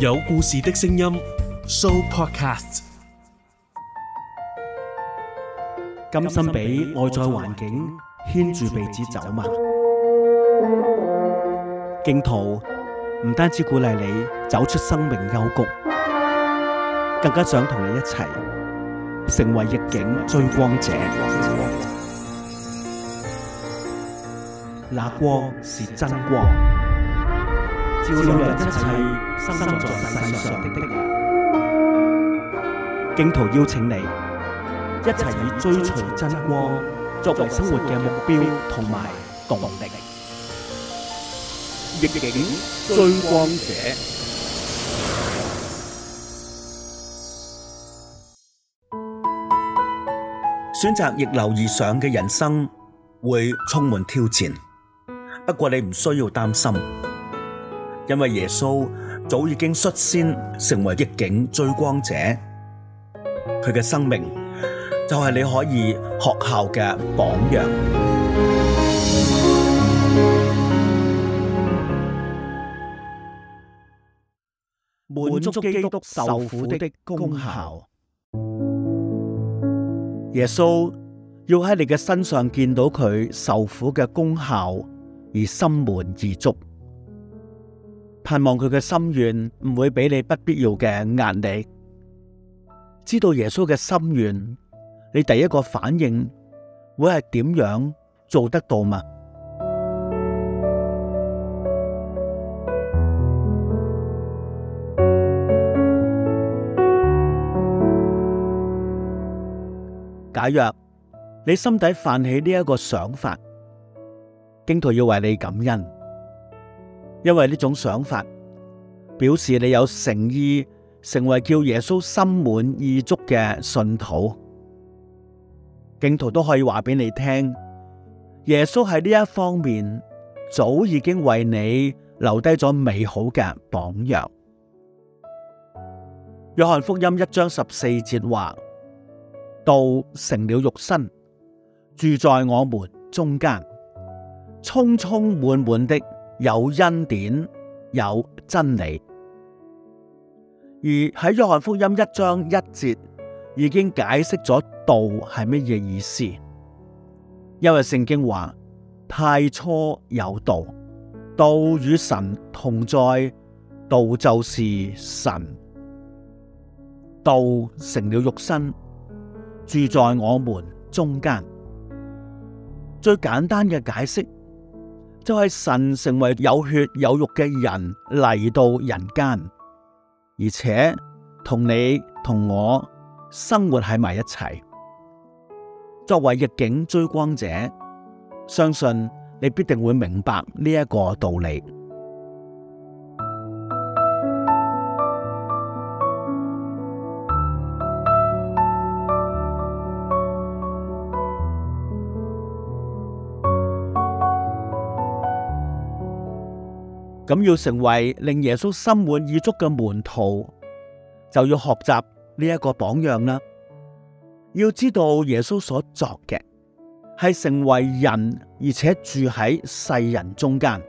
有故事的聲音，Show Podcast，甘心俾外在環境牽住鼻子走嗎？荊徒唔單止鼓勵你走出生命幽谷，更加想同你一齊成為逆境追光者。那光是真光。照亮一切生在世上的的人，荊徒邀請你一齊以追隨真光作為生活嘅目標同埋動力。逆境追光者，選擇逆流而上嘅人生會充滿挑戰，不過你唔需要擔心。因為耶穌早已經率先成為逆境追光者，佢嘅生命就係你可以學效嘅榜樣，滿足基督受苦的功效。耶穌要喺你嘅身上見到佢受苦嘅功效，而心滿意足。盼望佢嘅心願唔會俾你不必要嘅壓力。知道耶穌嘅心願，你第一個反應會係點樣做得到嗎？假若你心底泛起呢一個想法，荊徒要為你感恩。因為呢種想法，表示你有誠意成為叫耶穌心滿意足嘅信徒，荊徒都可以話俾你聽，耶穌喺呢一方面早已經為你留低咗美好嘅榜樣。約翰福音一章十四節話：「道成了肉身，住在我們中間，充充滿滿的。有恩典，有真理，而喺約翰福音一章一節已經解釋咗道係乜嘢意思。因為聖經話，太初有道，道與神同在，道就是神。道成了肉身，住在我們中間。最簡單嘅解釋。都係神成為有血有肉嘅人嚟到人間，而且同你同我生活喺埋一齊。作為逆境追光者，相信你必定會明白呢一個道理。咁要成為令耶穌心滿意足嘅門徒，就要學習呢一個榜樣啦。要知道耶穌所作嘅係成為人，而且住喺世人中間。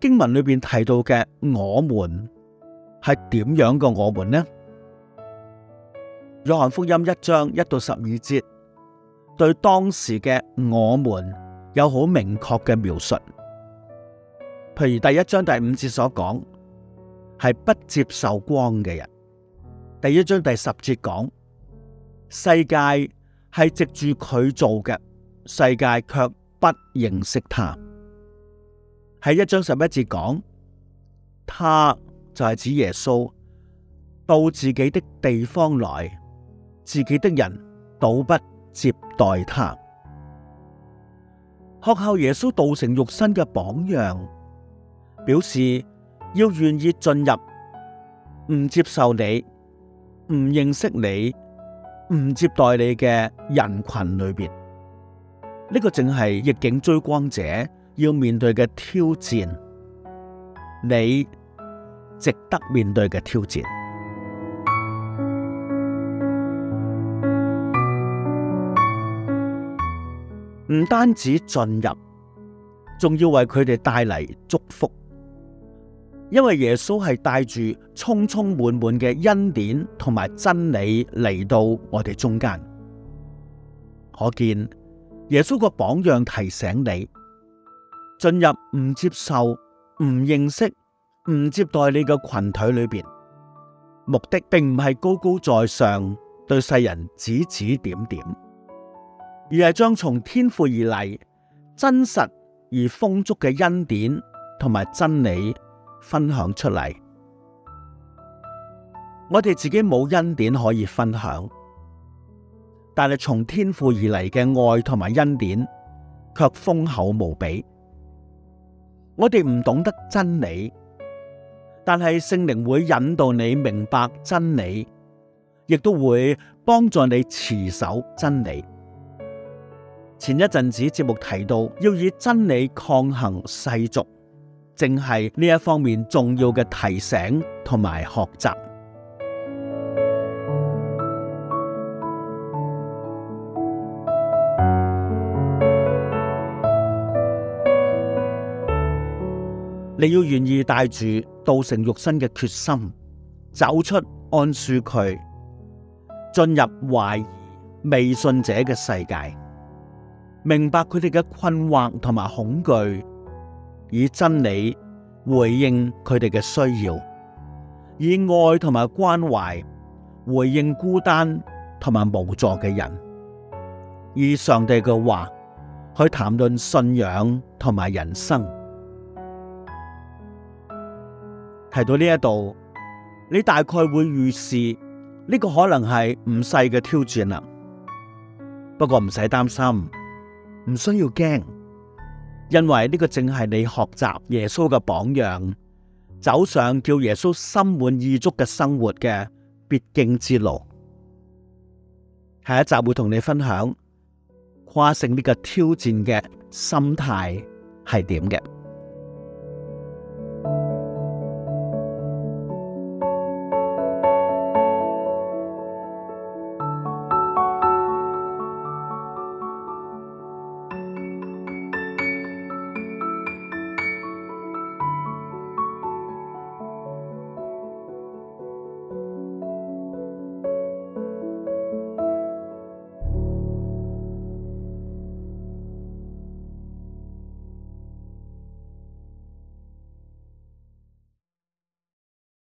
經文裏邊提到嘅我們係點樣嘅我們呢？約翰福音一章一到十二節對當時嘅我們有好明確嘅描述。譬如第一章第五節所講，係不接受光嘅人；第一章第十節講，世界係藉住佢做嘅，世界卻不認識他。喺一章十一節講，他就係指耶穌到自己的地方來，自己的人倒不接待他。學效耶穌道成肉身嘅榜樣。表示要願意進入唔接受你、唔認識你、唔接待你嘅人群裏邊，呢、這個正係逆境追光者要面對嘅挑戰，你值得面對嘅挑戰。唔 單止進入，仲要為佢哋帶嚟祝福。因為耶穌係帶住充充滿滿嘅恩典同埋真理嚟到我哋中間，可見耶穌個榜樣提醒你，進入唔接受、唔認識、唔接待你嘅群體裏面，目的並唔係高高在上對世人指指點點，而係將從天父而嚟真實而豐足嘅恩典同埋真理，分享出嚟，我哋自己冇恩典可以分享，但係從天父而嚟嘅愛同埋恩典卻豐厚無比。我哋唔懂得真理，但係聖靈會引導你明白真理，亦都會幫助你持守真理。前一陣子節目提到，要以真理抗衡世俗。正係呢一方面重要嘅提醒同埋學習。你要願意帶住道成肉身嘅決心，走出安舒區，進入懷疑、未信者嘅世界，明白佢哋嘅困惑同埋恐懼。以真理回應佢哋嘅需要，以愛同埋關懷回應孤單同埋無助嘅人，以上帝嘅話去談論信仰同埋人生。提到呢一度，你大概會預示呢、呢個可能係唔細嘅挑戰啦。不過唔使擔心，唔需要驚。因為呢個正係你學習耶穌嘅榜樣，走上叫耶穌心滿意足嘅生活嘅必經之路。下一集會同你分享跨勝呢個挑戰嘅心態係點嘅。